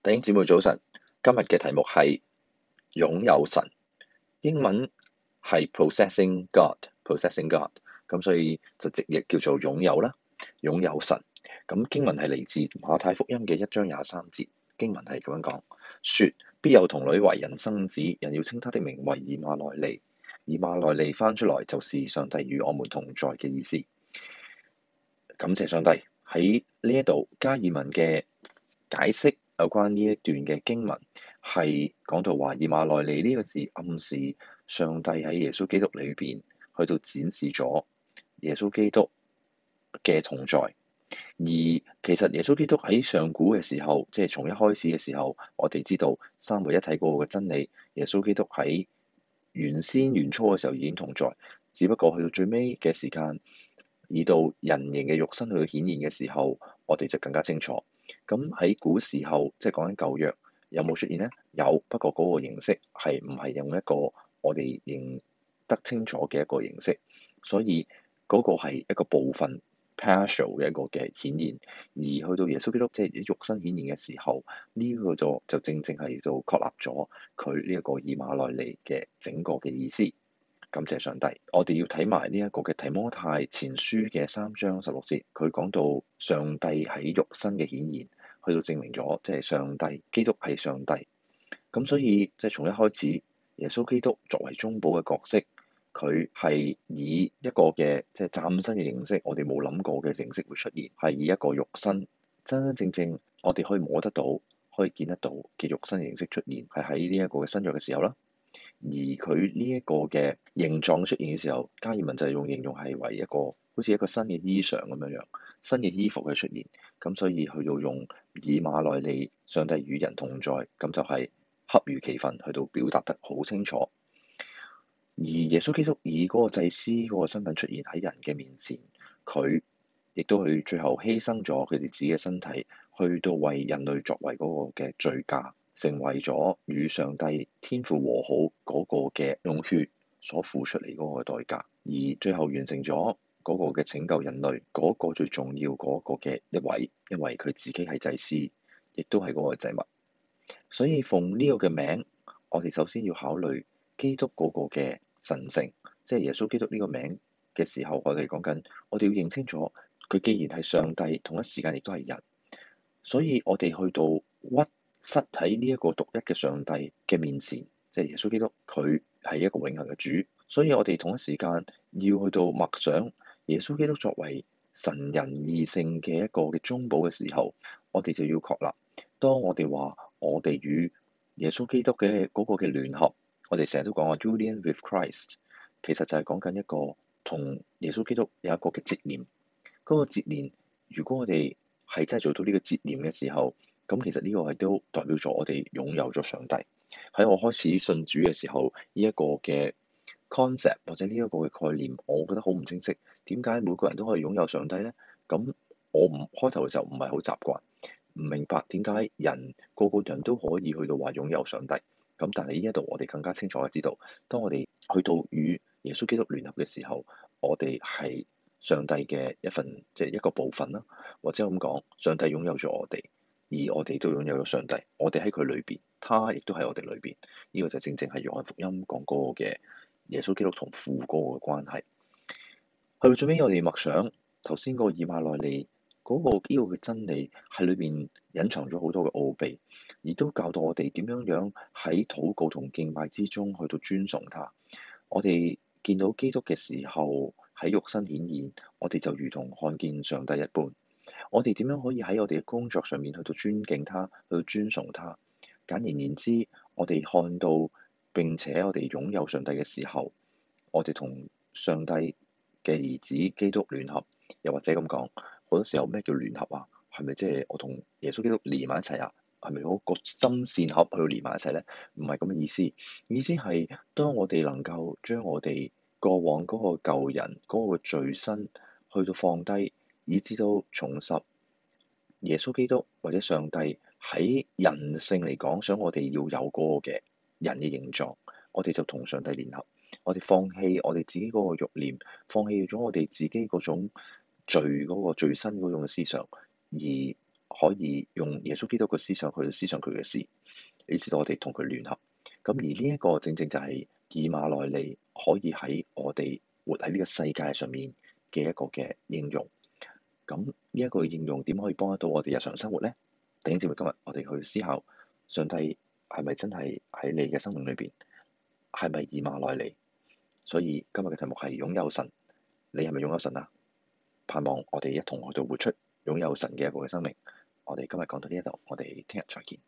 .弟兄姊妹早晨，今日嘅題目係擁有神，英文係 Possessing God，Possessing God，咁所以就直譯叫做擁有啦，擁有神。咁經文係嚟自馬太福音嘅一章廿三節，經文係咁樣講：說必有童女為人生子，人要稱他的名為以馬內利。以馬內利翻出來就是上帝與我們同在嘅意思。感謝上帝喺呢一度加爾文嘅解釋。有關呢一段嘅經文係講到話以馬內利呢個字暗示上帝喺耶穌基督裏邊去到展示咗耶穌基督嘅同在。而其實耶穌基督喺上古嘅時候，即係從一開始嘅時候，我哋知道三位一體嗰個嘅真理。耶穌基督喺原先、原初嘅時候已經同在，只不過去到最尾嘅時間，以到人形嘅肉身去顯現嘅時候，我哋就更加清楚。咁喺古時候，即係講緊舊約，有冇出現呢？有，不過嗰個形式係唔係用一個我哋認得清楚嘅一個形式，所以嗰個係一個部分 partial 嘅一個嘅顯現。而去到耶穌基督即係肉身顯現嘅時候，呢、這個就就正正係就確立咗佢呢一個以馬內利嘅整個嘅意思。感謝上帝，我哋要睇埋呢一個嘅提摩太前書嘅三章十六節，佢講到上帝喺肉身嘅顯現，去到證明咗即係上帝基督係上帝。咁所以即係、就是、從一開始，耶穌基督作為中保嘅角色，佢係以一個嘅即係嶄新嘅形式，我哋冇諗過嘅形式會出現，係以一個肉身真真正正我哋可以摸得到、可以見得到嘅肉身形式出現，係喺呢一個嘅新約嘅時候啦。而佢呢一個嘅形狀出現嘅時候，加爾文就係用形容係為一個好似一個新嘅衣裳咁樣樣，新嘅衣服嘅出現。咁所以佢到用以馬內利，上帝與人同在，咁就係恰如其分去到表達得好清楚。而耶穌基督以嗰個祭司嗰個身份出現喺人嘅面前，佢亦都去最後犧牲咗佢哋自己嘅身體，去到為人類作為嗰個嘅罪價。成為咗與上帝天父和好嗰個嘅用血所付出嚟嗰個嘅代價，而最後完成咗嗰個嘅拯救人類嗰個最重要嗰個嘅一位，因為佢自己係祭司，亦都係嗰個祭物。所以奉呢個嘅名，我哋首先要考慮基督嗰個嘅神聖，即係耶穌基督呢個名嘅時候，我哋講緊我哋要認清楚佢既然係上帝，同一時間亦都係人，所以我哋去到屈。失喺呢一個獨一嘅上帝嘅面前，即係耶穌基督，佢係一個永恆嘅主。所以我哋同一時間要去到默想耶穌基督作為神人二性嘅一個嘅中保嘅時候，我哋就要確立，當我哋話我哋與耶穌基督嘅嗰個嘅聯合，我哋成日都講話 union with Christ，其實就係講緊一個同耶穌基督有一個嘅節念。嗰個節念，如果我哋係真係做到呢個節念嘅時候，咁其實呢個係都代表咗我哋擁有咗上帝。喺我開始信主嘅時候，呢一個嘅 concept 或者呢一個嘅概念，我覺得好唔清晰。點解每個人都可以擁有上帝咧？咁我唔開頭嘅時候唔係好習慣，唔明白點解人個個人都可以去到話擁有上帝。咁但係呢一度我哋更加清楚嘅知道，當我哋去到與耶穌基督聯合嘅時候，我哋係上帝嘅一份，即係一個部分啦，或者咁講，上帝擁有咗我哋。而我哋都擁有咗上帝，我哋喺佢裏邊，他亦都喺我哋裏邊。呢、這個就正正係《用翰福音》講過嘅耶穌基督同父哥嘅關係。去到最尾，我哋默想頭先嗰個以馬內利嗰、那個呢個嘅真理喺裏邊隱藏咗好多嘅奧秘，而都教導我哋點樣樣喺禱告同敬拜之中去到尊崇他。我哋見到基督嘅時候喺肉身顯現，我哋就如同看見上帝一般。我哋點樣可以喺我哋嘅工作上面去到尊敬他，去到尊崇他？簡而言之，我哋看到並且我哋擁有上帝嘅時候，我哋同上帝嘅兒子基督聯合，又或者咁講，好多時候咩叫聯合啊？係咪即係我同耶穌基督連埋一齊啊？係咪嗰個針線盒去到連埋一齊咧？唔係咁嘅意思，意思係當我哋能夠將我哋過往嗰個舊人嗰個罪身去到放低。以至到重拾耶穌基督或者上帝喺人性嚟講，想我哋要有嗰個嘅人嘅形狀，我哋就同上帝聯合，我哋放棄我哋自己嗰個慾念，放棄咗我哋自己種種罪、嗰個罪身嗰種思想，而可以用耶穌基督嘅思想去思想佢嘅事。以至到我哋同佢聯合，咁而呢一個正正就係以馬內利可以喺我哋活喺呢個世界上面嘅一個嘅應用。咁呢一個應用點可以幫得到我哋日常生活咧？弟兄姊妹，今日我哋去思考上帝係咪真係喺你嘅生命裏邊，係咪義馬內裏以馬內利？所以今日嘅題目係擁有神，你係咪擁有神啊？盼望我哋一同去到活出擁有神嘅一個嘅生命。我哋今日講到呢一度，我哋聽日再見。